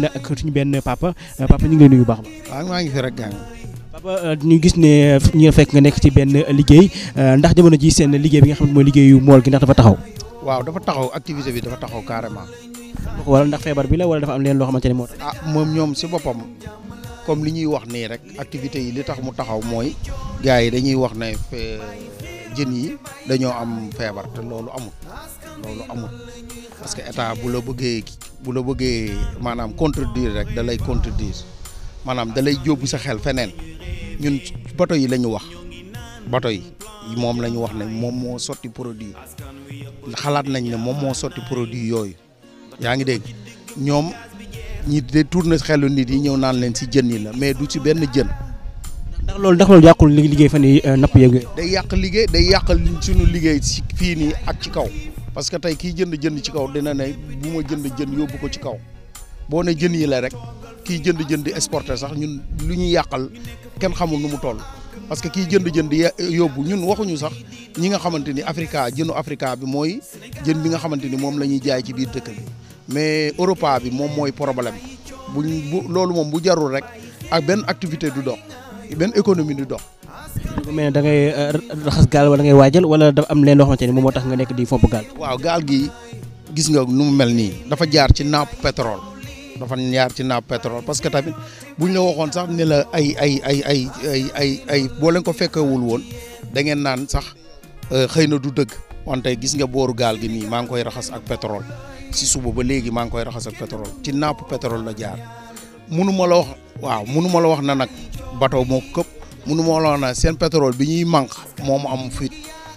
ak benn papa euh, papa ñu maa ngi fi rek gaañ papa euh, ñu fekk nga nekk ci benn euh, liggéey ndax jamono ji seen liggéey bi nga xam ne mooy liggéeyu mool gi ndax waaw dafa taxaw activité bi dafa taxaw carrément wala ndax feebar bi la wala dafa am leen loo xamante ne moo tax ah, moom ñoom si boppam comme li ñuy wax nii rek activité yi li tax mu taxaw mooy gars yi dañuy wax ne jën yi dañoo am feebar te loolu amul loolu amul que état bu la bëggee bu la bëggee maanaam contre contredire rek dalay contre contredire maanaam dalay lay sa xel feneen ñun bato yi la ñu wax bato yi moom la ñu wax ne moom moo sotti produit xalaat nañ ne moom moo sotti produit yooyu yaa ngi dégg ñoom ñi détourné xelu nit yi ñëw naan leen si jën yi la mais du ci benn jën. ndax loolu ndax loolu yàqul liggéey fan yii eh, napp yeeg day yàq liggéey day yàq suñu liggéey si fii nii ak ci kaw. parce que tey kiy jënd jënd ci kaw dina ne bu ma jënd jënd yóbbu ko ci kaw boo ne jën yi la rek kiy jënd jënd di exporter sax ñun lu ñuy yàqal kenn xamul nu mu toll parce que kiy jënd jën di yóbbu ñun waxuñu sax ñi nga xamante ni Africa jënu Africa bi mooy jën bi nga xamante ni moom la ñuy jaay ci biir dëkk bi mais Europa bi moom mooy problème buñ bu loolu moom bu jarul rek ak benn activité du dox benn économie du dox mu mel ne da ngay euh, raxas gaal wala da am leen loo xamante ni moom moo tax nga nekk di fomp gaal. waaw gaal gi gis nga nu mu mel nii dafa jaar ci napp pétrole dafa jaar ci napp pétrole parce que tamit buñ la waxoon sax ne la ay ay ay ay ay ay ay ko fekkewul woon da ngeen naan sax euh, xëy na du dëgg wante gis nga booru gaal gi nii maa ngi koy raxas ak pétrole si suba ba léegi maa ngi koy raxas ak ci napp pétrole la jaar munu ma la wax waaw munu la wax na nag bato moo këpp. munu ma la na seen pétrole bi ñuy manque moo mu am fuite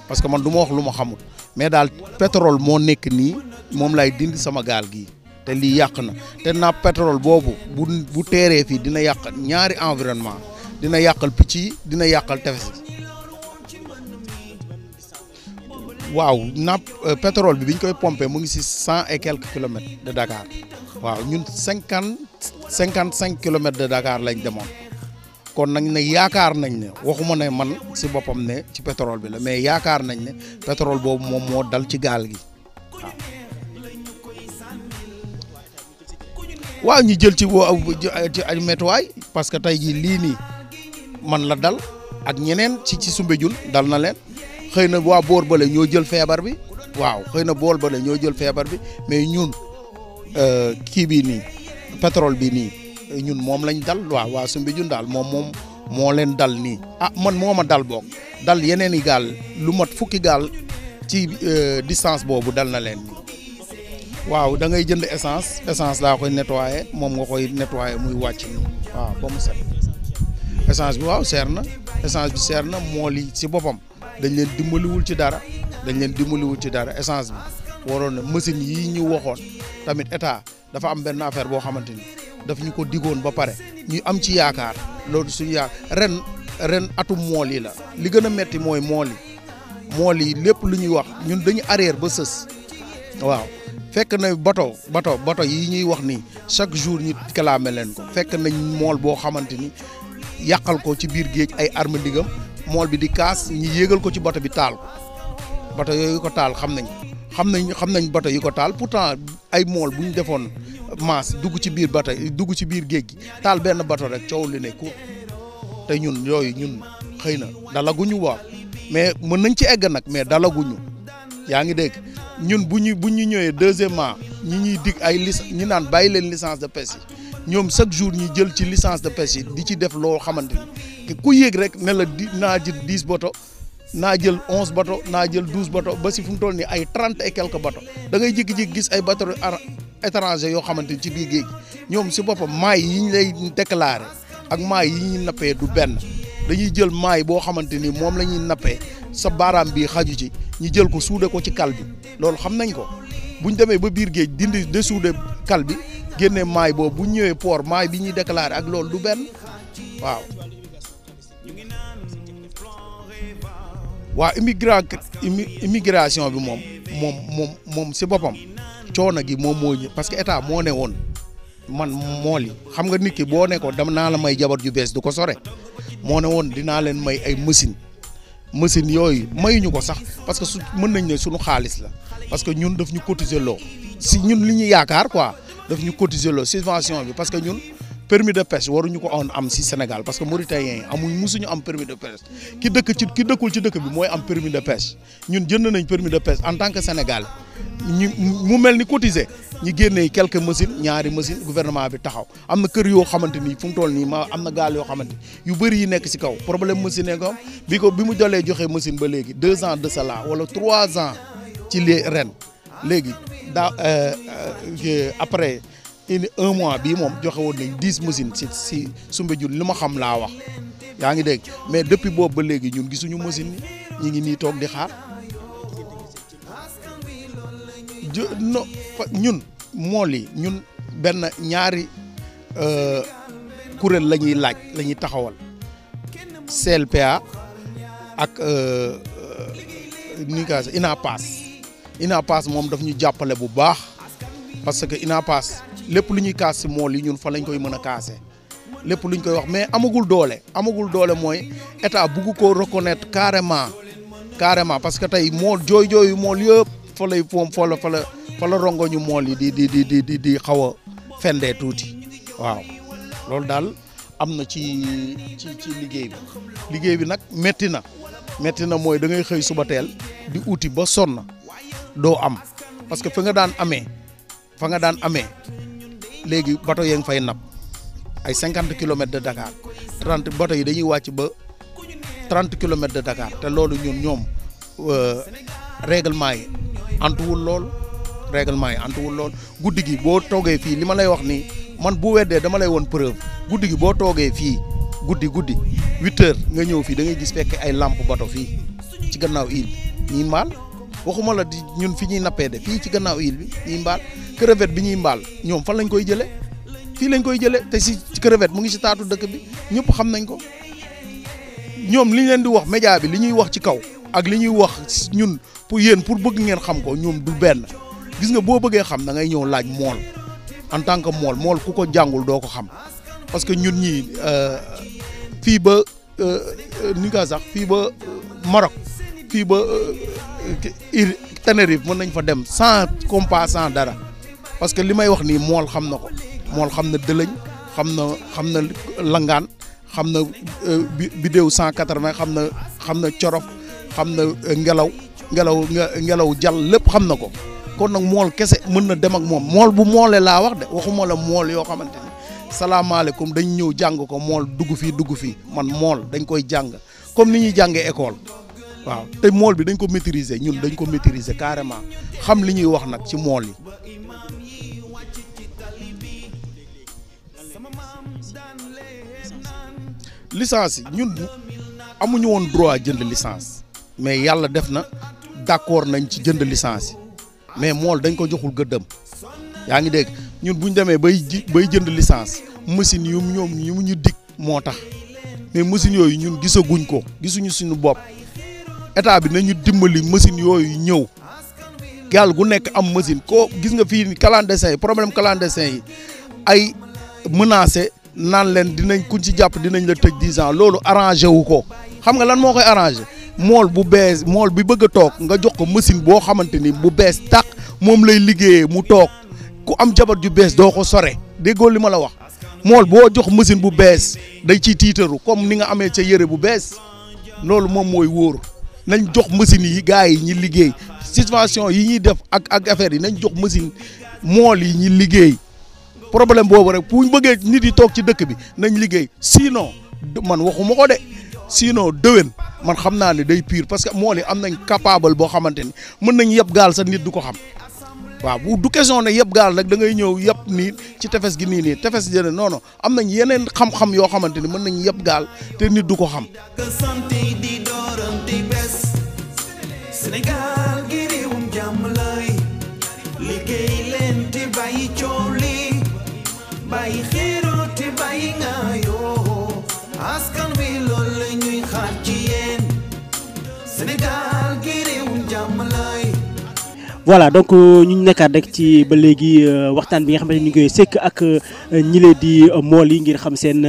parce que man du ma wax lu ma xamul mais daal pétrole moo nekk nii moom lay dind sama gaal gi te lii yàq na te napp pétrole boobu bu bu teeree fii dina yàq ñaari environnement dina yàqal picc yi dina yàqal tefes waaw napp euh, pétrole bi bi ñu koy pompé mu ngi si cent et quelques kilomètres de Dakar waaw ñun cinquante cinquante cinq kilomètres de Dakar lañ demoon. kon nañ ne yaakaar nañ ne waxuma ne man si boppam ne ci pétrole bi la mais yaakaar nañ ne pétrole boobu moom moo dal ci gaal gi waaw. ñu jël ci ay métuwaay parce que tey jii lii nii man la dal ak ñeneen ci ci Soumbédioune dal na leen xëy na waa boor bale ñoo jël feebar bi waaw xëy na boor bale ñoo jël feebar bi mais ñun euh, kii bii nii pétrole bi nii. ñun moom lañ dal waaw waa Soumbédioune daal moom moom moo leen dal nii ah man moo ma dal book dal yeneen yi gaal lu mat fukki gaal ci euh, distance boobu dal na leen waaw da ngay jënd essence essence laa koy nettoyé moom nga koy nettoyé muy wàcc nii waaw ba mu set essence bi waaw seer na essence bi seer na mool yi si boppam dañ leen dimbaliwul ci dara dañ leen dimbaliwul ci dara essence bi waroon na machine yi ñu waxoon tamit état dafa am benn affaire boo xamante ni daf ñu ko diggoon ba pare ñu am ci yaakaar loolu suñu yaakaar ren ren atum mool yi la li gën a metti mooy mool yi mool yi lépp lu ñuy wax ñun dañu arrière ba sës waaw fekk na bato bato bato yi ñuy wax nii chaque jour ñu kalaame leen ko fekk nañ mool boo xamante ni yàqal ko ci biir géej ay arme ndigam mool bi di kaas ñu yéegal ko ci bato bi taal ko bato yooyu ko taal xam nañ xam nañ xam nañ bato yi ko taal pourtant ay mool bu ñu defoon maas dugg ci biir bato dugg ci biir géej gi taal benn bato rek coow li ne ku te ñun yooyu ñun xëy na dalaguñu waaw mais mën nañ ci egg nag mais dalaguñu yaa ngi dégg ñun bu ñu bu ñu ñëwee deuxièmement ñi ñuy dig ay li ñi naan bàyyi leen licence de pêche yi ñoom chaque jour ñi jël ci licence de pêche yi di ci def loo xamante ku yéeg rek ne la di naa jël dix bato naa jël onze bato naa jël douze bato ba si fu mu toll nii ay trente et quelques bato da gis ay bato étranger yoo xamante ni ci biir géej ñoom si boppam maay yi ñu lay déclaré ak maay yi ñuy nappee du benn dañuy jël maay boo xamante ni moom la ñuy nappee sa baaraam bi xaju ci ñu jël ko suude ko ci kal bi loolu xam nañ ko bu ñu demee ba biir géej dindi de suude kal bi génne maay boobu bu ñëwee port maay bi ñuy déclaré ak loolu du benn waaw. immigration bi moom moom moom si boppam. coono gi moom moo ñu parce que état moo ne woon man mool yi xam nga nit ki boo nekkoon ko dama naa la may jabar ju bees du ko sore moo ne woon dinaa leen may ay machine machine yooyu mayuñu ko sax parce que su mën nañ ne suñu xaalis la parce que ñun daf ñu cotiser loo si ñun li ñu yaakaar quoi daf ñu cotiser loo subvention bi parce que ñun permis de pêche waruñu ko woon am si Sénégal parce que Mauritaniens yi amuñ musuñu am permis de pêche ki dëkk ci ki dëkkul ci dëkk bi mooy am permis de pêche ñun jënd nañ permis de pêche en tant que Sénégal ñu mu mel ni cotiser ñi génnee quelques machine ñaari machines gouvernement bi taxaw am na kër yoo xamante ni fu mu toll nii ma am na gaal yoo xamante yu bëri yi nekk si kaw problème machine yi ko bi mu jolee joxee machine ba léegi deux ans de cela wala trois ans ci li ren léegi daa euh, euh, après. indi un mois bii moom joxe woon nañ dix machines si si Soumbédioune li ma xam laa wax yaa ngi dégg mais depuis boobu ba léegi ñun gisuñu machine yi ñu ngi nii toog di xaar no ñun mool yi ñun benn ñaari euh, kuréel la ñuy laaj lañuy taxawal taxawal CLPA ak ni nga ko waxee INAPAS moom daf ñu jàppale bu baax. parce que Unapass lépp lu ñuy kaas si mool yi ñun fa lañ koy mën a kaasee lépp lu ñu koy wax mais amagul doole amagul doole mooy état buggu ko reconnaître carrément carrément parce que tey mool jooy jooyu mool yëpp fa lay foom fa la fa la ñu mool yi di di di di di xaw a fendee tuuti waaw loolu daal am na ci ci ci liggéey bi liggéey bi nag métti na métti na mooy dangay xëy suba teel di uti ba sonn doo am parce que fi nga daan amee fa nga daan amee léegi bato yaa fay napp ay cinquante kilomètres de Dakar trente bato yi dañuy wàcc ba trente kilomètres de Dakar te loolu ñun ñoom euh, réglement yi antuwul lool règlement yi antuwul lool guddi gi boo toogee fii li ma lay wax nii man bu weddee dama lay woon preuve guddi gi boo toogee fii guddi guddi huit heures nga ñëw fii da ngay gis fekk ay làmp bato fii ci gannaaw île bi ñuy mbaal waxuma la di ñun fi ñuy nappee de fii ci gannaaw île bi ñuy mbaal crevette bi ñuy mbaal ñoom fan lañ koy jëlee fii lañ koy jëlee te si crevette mu ngi si taatu dëkk bi ñëpp xam nañ ko ñoom li leen di wax média bi li ñuy wax ci kaw ak li ñuy wax ñun pour yéen pour bëgg ngeen xam ko ñoom du benn gis nga boo bëggee xam da ngay ñëw laaj mool en tant que mool mool ku ko jàngul doo ko xam parce que ñun ñii euh, fii ba euh, euh, ni sax fii ba Maroc fii ba Tenerife mën nañ fa dem sans compas sans dara parce que li may wax nii mool xam na ko mool xam na dëlëñ xam na xam na langaan xam na euh, bidéew cent quatre-vingts xam na xam na corof xam na euh, ngelaw ngelaw ngelaw jàll lépp xam na ko kon nag mool kese mën na dem ak moom mool bu moolee laa wax de waxuma la mool yoo xamante ni salaamaaleykum dañ ñëw jàng ko mool dugg fii dugg fii man mool dañ koy jàng comme ni ñuy jàngee école waaw te mool bi dañ ko maîtriser ñun dañ ko maîtriser carrément xam li ñuy wax nag ci mool yi licence yi ñun amuñu woon droit jënd licence mais yàlla def na d'accord nañ ci jënd licence yi mais mool dañ ko joxul gëddëm yaa ngi dégg ñun bu ñu demee bay bay jënd licence machine yu ñoom yu mu ñu dig moo tax mais machine yooyu ñun gisaguñ ko gisuñu suñu bopp état bi ñu dimbali machine yooyu ñëw gaal gu nekk am machine ko gis nga fii ni clandestin yi problème clandestin yi ay menacé naan leen dinañ kuñ ci jàpp dinañ la tëj dix ans loolu arrangé wu ko xam nga lan moo koy arrangé mool bu bees mool bi bëgg a toog nga jox ko machine boo xamante ni bu bees tàq moom lay liggéeyee mu toog ku am jabar ju bees doo ko sore déggoo li ma la wax mool boo jox machine bu bees day ciy tiitaru comme ni nga amee ca yëre bu bees loolu moom mooy wóor nañ jox machine yi gars yi ñi liggéey situation yi ñuy def ak ak affaire yi nañ jox machine mool yi ñi liggéey problème boobu rek bu ñu bëggee nit yi toog ci dëkk bi nañ liggéey sinon man waxuma ko de sinon déwén man xam naa ni day piir parce que moo li am nañ capable boo xamante ni mën nañ yëpp gaal sax nit du ko xam waaw bu du question ne yëpp gaal nag dangay ñëw yëpp nii ci tefes gi nii nii tefes jëne non non am nañ yeneen xam-xam yoo xamante ni mën nañ yëpp gaal te nit du ko xam. Sénégal voilà donc euh, ñu nekkaat rek ci ba léegi euh, waxtaan bi nga xamante ni ñu ngi koy sekk ak euh, ñi leen di mool yi ngir xam seen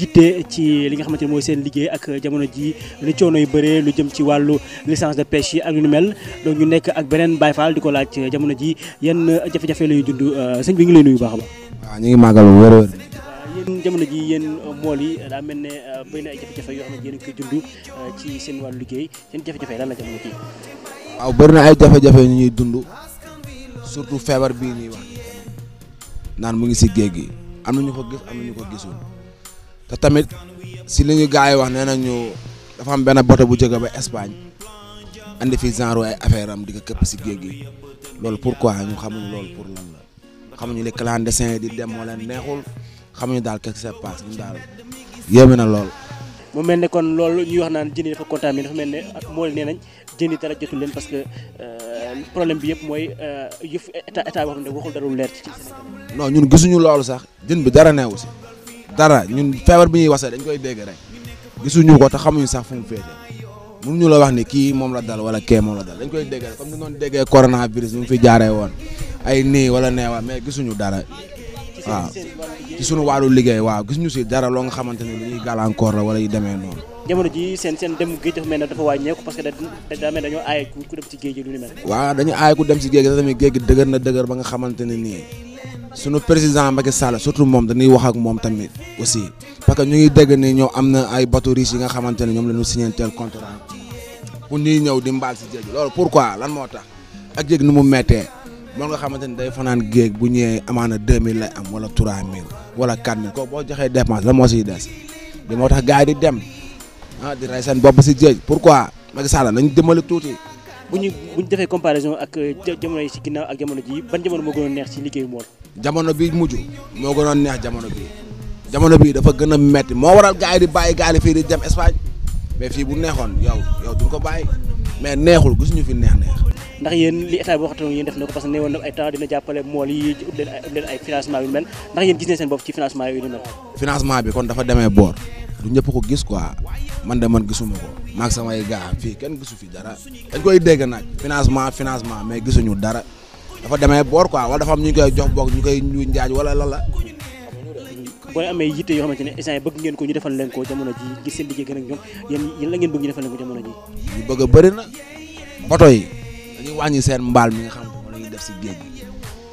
yitte ci li nga xamante ni mooy seen liggéey ak jamono ji li coono yu bëree lu jëm ci wàllu licence de yi ak lu mel donc ñu nekk ak beneen Baye Fall di ko laaj jamono ji yan jafe-jafe la ñuy dund sëñ bi ngi leen nuyu baax a baax. ñu ngi màggal wër wër. yéen jamono ji yéen mool yi daa mel ne bëri na ay jafe-jafe yoo xam ne yéen a ngi ci seen wàllu liggéey seen jafe-jafe lan la jamono ji waaw bëri ay jafe-jafe yu ñuy dund surtout feebar bii nii wax naan mu ngi si géej gi am na ñu ko gis am na ñu ko gisul te tamit si li ñu gars yi wax nee nañu dafa am benn bato bu jóge ba Espagne andi fi genre ay affaire am di ko këpp si géej gi loolu pourquoi ñu xamuñu loolu pour lan la xamuñu ne clandestin yi di dem moo leen neexul xamuñu daal qu'est-ce qui ñu daal yéeme na lool. mu mel ne kon loolu ñuy wax naan jën yi dafa contaminé dafa mel ne moo jëndi dara jotul leen parce que euh, problème bi yëpp mooy euh, yëf état état boo ne waxul dara lu leer ci non ñun gisuñu loolu sax jën bi dara neewu si dara ñun feebar bi ñuy wasa dañ koy dégg rek gisuñu ko te xamuñu sax fu mu féete mënuñu la wax ni kii moom la dal wala kee moom la dal dañ koy dégg rek comme ni noonu déggee coronavirus ñu fi jaaree woon ay nii wala neewa mais gisuñu dara waaw ci suñu wàllu liggéey waaw gisuñu si dara loo nga xamante ni lu ñuy gàllankoor la wala yu demee noonu jamono ji seen seen dem géej dafa mel ne dafa wàññeeku parce que daa mel dañoo aay ku dem ci géej gi lu ni mel. waaw dañu aay ku dem ci géej gi tamit géej dëgër na dëgër ba nga xamante ne nii sunu président Macky Sall surtout moom dañuy wax ak moom tamit aussi parce que ñu ngi dégg ni ñoom am na ay bateaux riches yi nga xamante ne ñoom la ñu signé tel contrat pour ñuy ñëw di mbaal si géej gi loolu pourquoi lan moo tax ak géej nu mu méttee moom nga xamante ni day fanaan géej bu ñëwee amaana 2000 lay am wala 3000 wala 4000 kooku boo joxee dépense la moo siy des moo tax gars di dem ah di rey seen bopp si géej pourquoi Macky Sall nañ dimbali tuuti. bu ñu bu ñu defee comparaison ak euh, jamono yi si ginnaaw ak jamono ji ban jamono moo gënoon neex si liggéeyu mool. jamono bi mujj moo gënoon neex jamono bi jamono bi dafa gën a metti moo waral gars yi di bàyyi gaal fii di dem Espagne mais fii bu neexoon yow yow duñ ko bàyyi mais neexul ñu fi neex neex. ndax yéen li état bi waxtaan yéen def na ko parce que ne woon ay temps dina jàppale mool yi ut ay financement yu mel ndax yéen gis nañ seen bopp ci financement financement bi kon dafa demee boor. du ñëpp ko gis quoi man de man gisuma ko maag samay gaa fii kenn gisu fi dara dañ koy dégg nag financement financement mais gisuñu dara dafa demee boor quoi wala dafa am ñu koy jox boog ñu koy ñu njaaj wala la la booy amee yitte yoo xamante ne instant bëgg ngeen ko ñu defal leen ko jamono ji gis seen liggéey gën ak ñoom yéen yéen la ngeen bëgg ñu defal a bëri na bato yi dañuy wàññi seen mbaal mi nga xam ne lañuy def si géej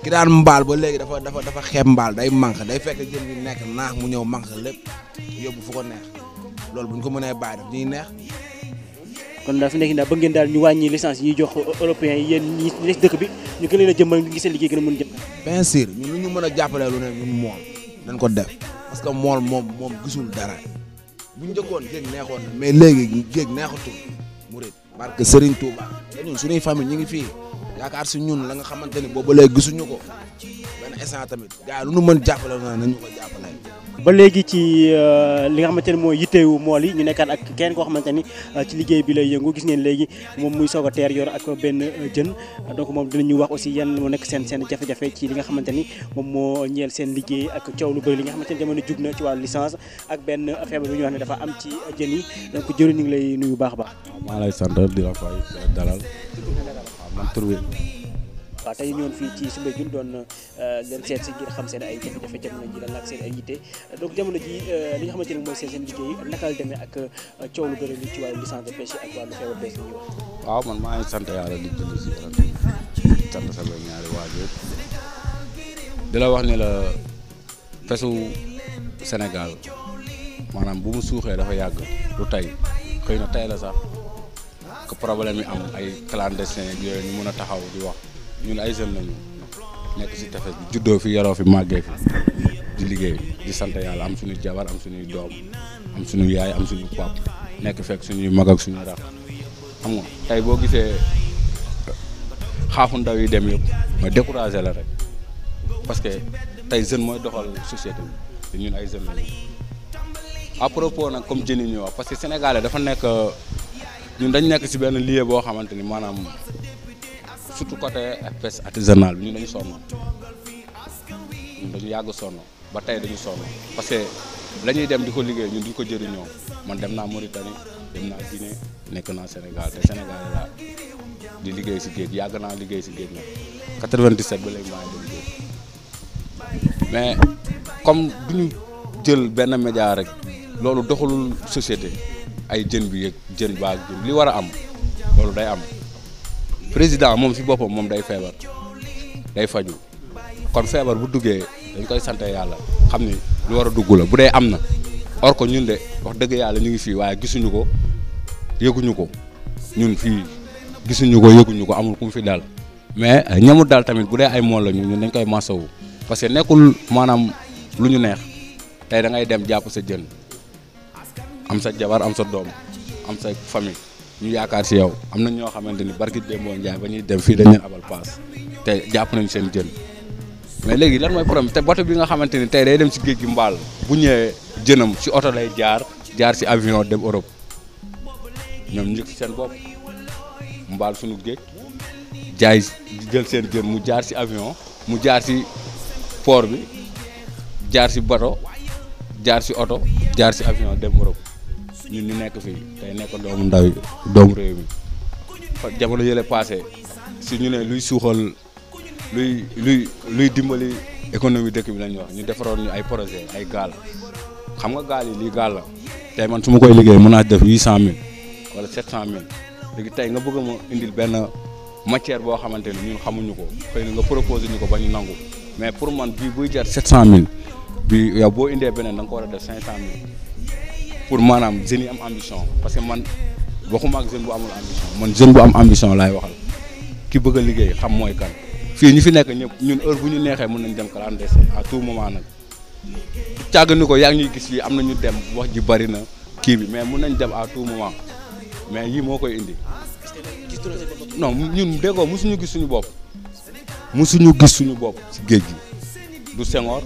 ki daan mbaal ba léegi dafa dafa dafa xeeb mbaal day manqué day fekk jën bi nekk naax mu ñëw manqué lépp yóbbu fu ko neex loolu bu ñu ko mënee bàyyi daf ñuy neex. kon daal fi nekk daal bëgg daal ñu wàññi licence yi jox européen yi yéen ñi nekk dëkk bi ñu gën leen a jëmmal ngir seen mën jëm. bien sûr ñun ñu mën a jàppale ne ñun mool dañ ko def parce que mool moom moom gisul dara bu njëkkoon géej neexoon na mais léegi géej neexatul murid barke Serigne Touba ñun suñuy famille ñu ngi fii yaakaar si ñun la nga xamante ni boobu ba léegi gisuñu ko benn tamit gars yi lu ñu mën jàppale na nañu ko ba léegi ci euh, li nga xamante ne mooy yitteewu mool yi ñu nekkaat ak kenn koo xamante ni euh, ci liggéey bi lay yëngu gis ngeen léegi moom muy soog a teer yor ak benn euh, jën donc moom ñu wax aussi yan moo nekk seen seen jafe-jafe ci li nga xamante ni moom moo ñeel seen liggéey ak coow lu bëri li nga xamante ni jamono jug na ci wàllu licence ak benn feebar bi ñu wax ne dafa am ci jën yi donc jëriñ ñu ngi lay nuyu baax a baax. waaw maa lay sant di la fay man tur bi. waaw tey ñoon fii ci Soumbédioune doon euh, leen seet si ngir xam seen ay jafe-jafe jamono ji lan ay yitte donc jamono ji euh, li nga xamante ne mooy seen seen liggéey naka la demee ak euh, coow lu bëri li ci wàllu licence de pêche ak wàllu man maa ngi sant yàlla di dund si yàlla sant sama ñaari waajur di la wax ne la fesu Sénégal maanaam bu mu suuxee dafa yàgg lu tey xëy na tey la sax que problème yi am ay clandestin yooyu ñu mën a taxaw di wax ñun ay jeunes lañu nekk si tefes bi juddoo fi yaroo fi màggee fi di liggéey di sant yàlla am suñu jabar am suñuy doom am suñu yaay am suñu pap nekk fekk suñuy mag ak suñu rax am nga tey boo gisee xaafu ndaw yi dem yëpp mooy découragé la rek parce que tey jeune mooy doxal société bi te ñun ay jeunes lañu dafa nekk ñun dañu nekk si benn lieu boo xamante ni maanaam surtout côté pes artisanale bi ñun dañu sonn ñun dañu yàgg sonn ba tey dañu sonn parce que la dem di ko liggéey ñun duñ ko jëriñoo man dem naa Mauritanie dem naa Guinée nekk naa Sénégal te Sénégal di liggéey si géej yàgg naa liggéey si géej nag 97 ba léegi maa ngi dem géej mais comme duñu jël benn média rek loolu doxalul société ay jën bi yëg jën baag li war a am loolu day am président moom si boppam moom day feebar day faju kon feebar bu duggee dañ koy sante yàlla xam ni lu war a dugg la bu dee am na or ko ñun de wax dëgg yàlla ñu ngi fii waaye gisuñu ko yëguñu ko ñun fii gisuñu ko yëguñu ko amul ku mu fi daal mais ñamut daal tamit bu dee ay mool la ñu ñun dañ koy masawu parce que nekkul maanaam lu ñu neex tey da ngay dem jàpp sa jën am sa jabar am sa doom am sa famille ñu yaakaar si yow am na ñoo xamante ni barki Demba Ndiaye ba ñuy dem fii dañ leen abal paas te jàpp nañ seen jën mais léegi lan mooy problème te bato bi nga xamante ni tey day dem si géej gi mbaal bu ñëwee jënam si oto lay jaar jaar si avion dem Europe ñoom njëkk si seen bopp mbaal suñu géej jaay jël seen jën mu jaar si avion mu jaar si port bi jaar si bato jaar si oto jaar si avion dem Europe. ñun ñu nekk fi tey nekk doomu ndaw yi doomu réew mi jamono yële passé si ñu ne luy suuxal luy luy luy dimbali économie dëkk bi lañ wax ñu defaroon ñu ay projet ay gaal xam nga gaal yi lii gaal la tey man su ma koy liggéey mën a def huit cent mille wala sept cent mille léegi tey nga bëgg ma indil benn matière boo xamante ni ñun xamuñu ko xëy na nga proposé ñu ko ba ñu nangu mais pour man bii buy jar sept cent mille bi yow boo indee beneen da nga ko def cinq cent mille pour manaam jeunes yi am ambition parce que man waxuma ak jeune bu amul ambition man jeune bu am ambition laay waxal ki bëgg a liggéey xam mooy kan fii ñu fi nekk ñëpp ñun heure bu ñu neexee mun nañ dem clandestin à tout moment nag càggandi ko yaa ngi ñuy gis fii am na ñu dem wax ji bari na kii bi mais mun nañ dem à tout moment mais yii moo koy indi non ñun déggoo musuñu gis suñu bopp musuñu gis suñu bopp ci géej gi du Senghor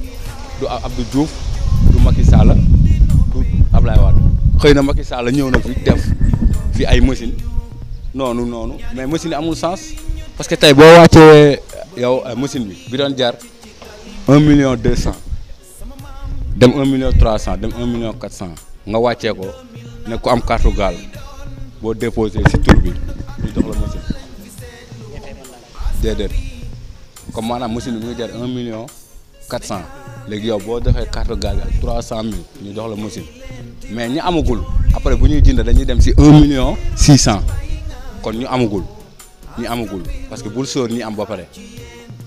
du Abdou Diouf du Macky saala Ablaye Wade xëy na Macky Sall ñëw na fi def fi ay machine noonu noonu mais machine amul sens parce que tey boo wàccee yow euh, machine bi bi doon jar un million deux cent dem un million trois cent dem un million quatre cent nga wàccee ko ne ku am carte gaal boo déposé si tur bi ñu jox la machine déedéet comme maanaam machine bi mu jar un million quatre cent léegi yow boo defee carte gaal bi trois cent mille ñu dox la machine mais ñu amagul après bu ñuy jënd dañuy dem si un million six cent kon ñu amagul ñu amagul parce que bul sóor ñi am ba pare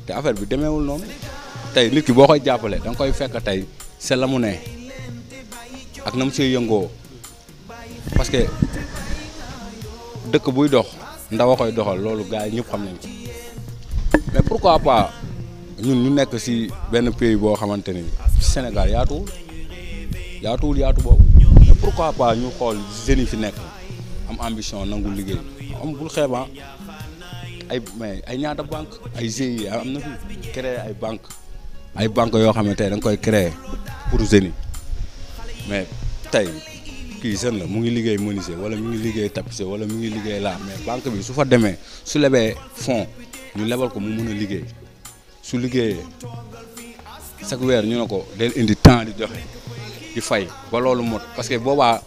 te affaire bi demeewul noonu tey nit ki boo koy jàppale da nga koy fekk tey c'est la mu ne ak na mu see yëngoo parce que dëkk buy dox ndaw a koy doxal loolu gars yi ñëpp xam nañ ko mais pourquoi pas ñun ñu nekk si benn pays boo xamante ni Sénégal yaatuwul yaatuwul yaatu boobu. pourquoi pas ñu xool jeunes yi fi nekk am ambition nangu liggéey am bul xeeba ah. ay mais ay ñaata banque ay GIE am na fi créer ay banque ay banque yoo xam ne tey nga koy créer pour jeunes mais tey kii jeune la mu ngi liggéey menuisier wala mu ngi liggéey tapissier wala mu ngi liggéey laa mais banque bi su fa demee su lebee fonds ñu lebal ko mu mën a liggéey su liggéeyee chaque weer ñu ne ko del indi temps di joxe di fay ba loolu mot parce que boobaa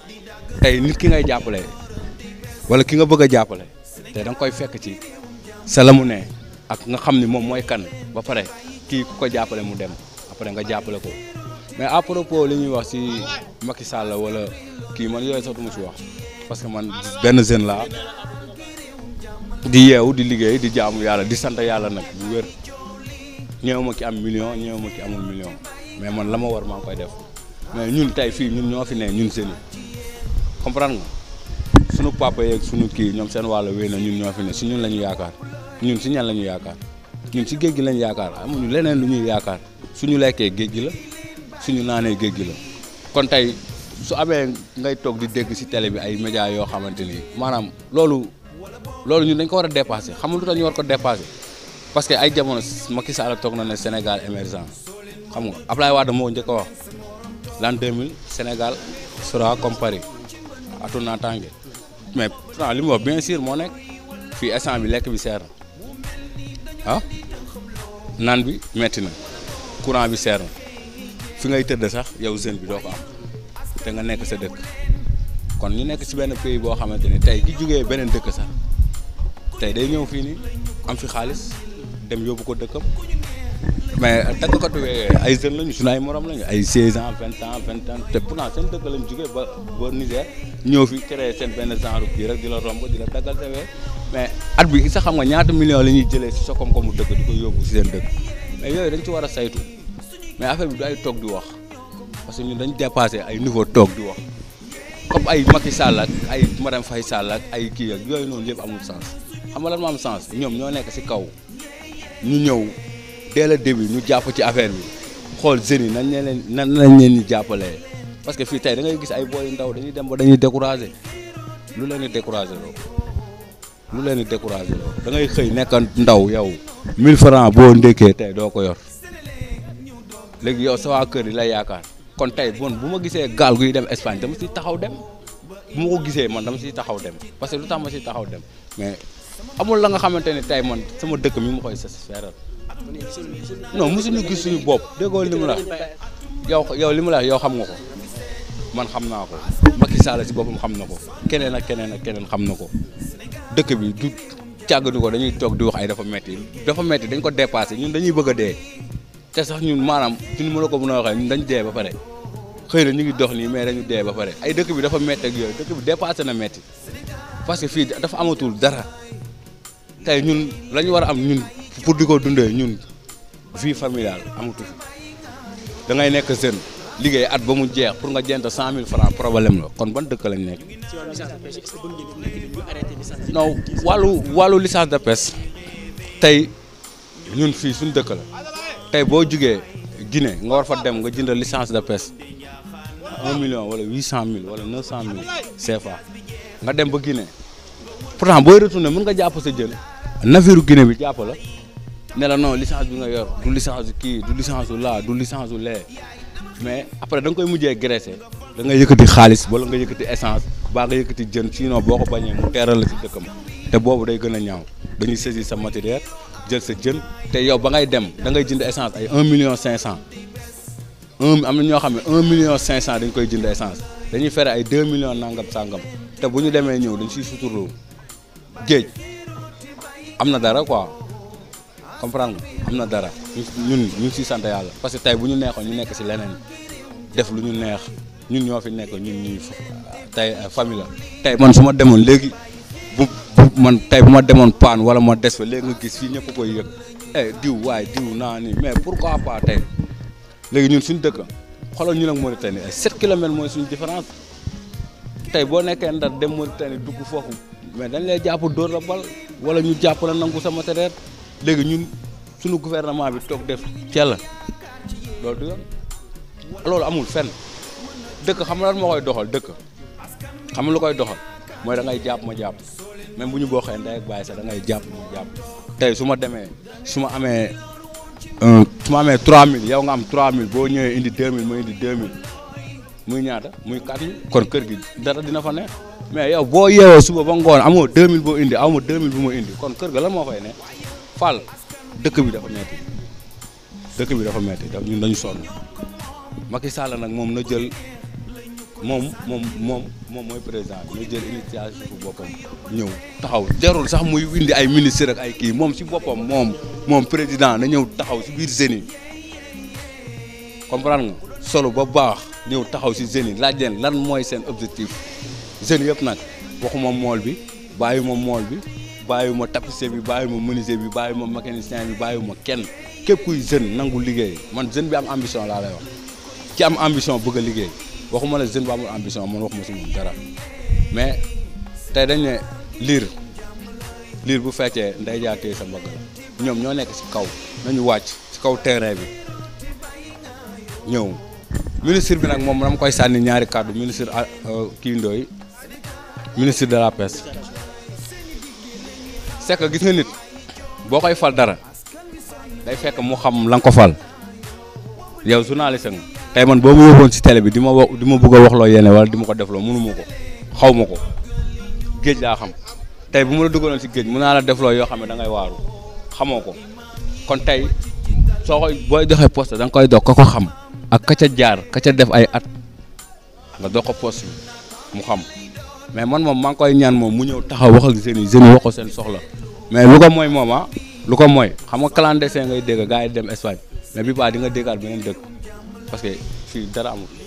tey nit ki ngay jàppale wala ki nga bëgg a jàppale te da nga koy fekk ci sa ak nga xam ni moom mooy kan ba pare kii ko jàppale mu dem après nga jàppale ko mais à propos li ñuy wax si Macky Sall wala kii man yooyu sax du ma ci wax parce que man benn jeune laa di yeewu di liggéey di jaamu yàlla di sant yàlla nag bu wér ñëw ma ki am million ñëw ma ki amul million mais man la ma war maa ngi koy def. mais ñun tey fii ñun ñoo fi ne ñun seen comprendre nga suñu papa yeeg suñu kii ñoom seen wàll wéy na ñun ñoo fi ne su ñun la ñu yaakaar ñun si ñan la ñu yaakaar ñun si géej gi lañu yaakaar amuñu leneen lu ñuy yaakaar suñu lekkee géej gi la su ñu naanee géej gi la kon tey su amee ngay toog di dégg si tele bi ay médias yoo xamante ni maanaam loolu loolu ñun dañ ko war a dépassé xam nga lu tax ñu war ko dépassé parce que ay jamono Macky Sall toog na ne Sénégal émergent xam nga Ablaye Wade moo njëkk wax l'an 2000 Sénégal sera comme Paris à tout mais pourtant li mu bien sûr moo nekk fii instant bi lekk bi seer na ah naan bi metti na courant bi seer na fi ngay tëdd sax yow jeune bi doo ko am te nga nekk sa dëkk kon ñu nekk ci benn pays boo xamante ni tey ki jógee beneen dëkk sax tey day ñëw fii ni am fi xaalis dem yóbbu ko dëkkam mais tàggkat bi ay jeunes lañu suñu ay morom lañu ay 16 ans 20 ans 20 ans te pourtant seen dëkk lañ jógee ba ba Niger ñëw fi créé seen benn genre kii rek di la romb di la tàggal sa wee mais at bi sax xam nga ñaata million la ñuy jëlee si sa koom kom dëkk di ko yóbbu si seen dëkk mais yooyu dañ ci war a saytu mais affaire bi du ay toog di wax parce que ñun dañ dépassé ay niveau toog di wax comme ay Macky Sall ak ay Marème Faye Sall ay kii ak yooyu noonu yëpp amul sens xam nga lan moo am sens ñoom ñoo nekk si kaw ñu ñëw. dès le début ñu jàpp ci affaire bi xool jeunes yi nañ leen nan lañ leen di jàppalee parce que fii tey da ngay gis ay booy ndaw dañuy dem ba dañuy découragé lu leen di découragé loo leen di découragé da ngay xëy nekk ndaw yow 1000 francs boo ndékkee tey doo ko yor léegi yow sa waa kër yi lay yaakaar kon tey bon bu ma gisee gaal guy dem Espagne dama si taxaw dem bu ma ko gisee man dama siy taxaw dem parce que lu tax ma siy taxaw dem mais amul la nga xamante ne tey man sama dëkk mi mu ma koy satisfaire non mosuñu gis suñu bopp déggoo li mu la yow li mu la yow xam nga ko man xam naa ko Macky Sall si boppam xam na ko keneen ak keneen ak keneen xam na ko dëkk bi du càggatu ko dañuy toog di wax ay dafa metti dafa metti dañ ko dépassé ñun dañuy bëgg a dee te sax ñun maanaam suñu mën a ko mën a waxee ñun dañ dee ba pare xëy na ñu ngi dox nii mais dañu dee ba pare ay dëkk bi dafa metti ak yooyu dëkk bi dépassé na metti parce que fii dafa amatul dara tey ñun la war a am ñun pour di ko dundee ñun vie familiale amatu fi da nekk seen liggéey at ba mu jeex pour nga jënd cent mille francs problème la kon ban dëkk lañ nekk. non wàllu wàllu licence de pêche tey ñun fii suñ dëkk la tey boo jugee Guinée nga war fa dem nga jënd licence de pes un million wala huit cent mille wala neuf cent mille CFA nga dem ba Guinée pourtant booy retourné mën nga jàpp sa jën. navire Guinée bi jàpp la. ne la non licence bi nga yor du licence kii du licence u laa du licence u lee mais après da nga koy mujjee graissé da nga yëkkati xaalis wala nga yëkkati essence baa nga yëkkati jën sinon boo ko bañee mu teeral la si dëkkam te boobu day gën a ñaaw dañuy saisir sa matériel jël sa jën te yow ba ngay dem da ngay jënd essence ay 1 million 500 un am na ñoo xam ne 1 million 500 dañ koy jënd essence dañuy fere ay 2 millions nangam sangam te bu ñu demee ñëw dañ siy suturloo na dara quoi. comprendre nga am na dara ñun ñu ngi sant yàlla parce que tey bu ñu neexoon ñu nekk si leneen def lu ñu neex ñun ñoo fi nekk ñun ñuy tey euh, famille la tey man su ma demoon léegi bu man tey bu ma demoon paan wala ma des fa léegi nga gis fii ñëpp koy yëg eh diw waaye diw naa ni mais pour pourquoi pas tey léegi ñun suñ dëkk xoolal ñu nag moo ay 7 kilomètres mooy suñu différence tey boo nekkee Ndar dem Mauritanie dugg foofu mais dañ lay jàpp dóor la bal wala ñu jàpp léegi ñun suñu gouvernement bi toog def cell loolu du loolu amul fenn dëkk xam la moo koy doxal dëkk xam lu koy doxal mooy da ngay jàpp ma jàpp même bu ñu bokkee ndey ak bàyyi sax da ngay jàpp ma jàpp tey su ma demee su ma amee su ma amee 3000 yow nga am 3000 boo ñëwee indi 2000 ma indi 2000 muy ñaata muy 4000 kon kër gi dara dina fa ne mais yow boo yeewoo suba ba ngoon amoo mil boo indi amoo 2000 bu ma indi kon kër ga la moo fay ne. Fall dëkk bi dafa metti dëkk bi dafa metti da ñun dañu sonn Macky Sall nag moom na jël moom moom moom moom mooy président bi na jël initiative boppam ñëw taxaw jarul sax muy indi ay ministre ak ay kii moom si boppam moom moom président na ñëw taxaw si biir jeunes yi comprendre nga solo ba baax ñëw taxaw si jeunes yi laaj leen lan mooy seen objectif jeunes yëpp nag waxuma mool bi bàyyi ma mool bi bàyyi ma tapissier bi bàyyi ma menuisier bi bàyyi ma mécanicien bi bàyyi ma kenn képp kuy jeune nangu liggéey man jeune bi am ambition laa lay wax ci am ambition bëgg a liggéey waxuma la jeune bu amul ambition man waxuma si moom dara mais tey dañ ne liir liir bu fekkee nday jaa téye sa mbagg ñoom ñoo nekk si kaw nañu wàcc si kaw terrain bi ñëw ministre bi nag moom dama koy sànni ñaari kàddu ministre euh, kii Ndoye ministre de la pêche c'est que gis nga nit boo koy fal dara day fekk mu xam la ko fal yow journaliste nga tey man boo ma yóbboon si télé bi di ma wax di ma bëgg waxloo yéene wala di ma ko defloo mënu ko xaw ma ko géej laa xam tey bu ma la dugaloon si géej mu naa la defloo yoo xam ne da ngay waaru xamoo ko kon tey soo koy booy joxe poste da nga koy doog ka ko xam ak ka ca jaar ka def ay at nga dox ko poste bi mu xam. mais man moom maa ngi koy ñaan moom mu ñëw taxaw wax ak jeunes yi jeunes seen soxla mais lu ko mooy moom ah lu ko mooy xam nga clandestin ngay dégg gaa yi dem Espagne mais bi baax di nga déggaat beneen dëkk parce que fii dara amul.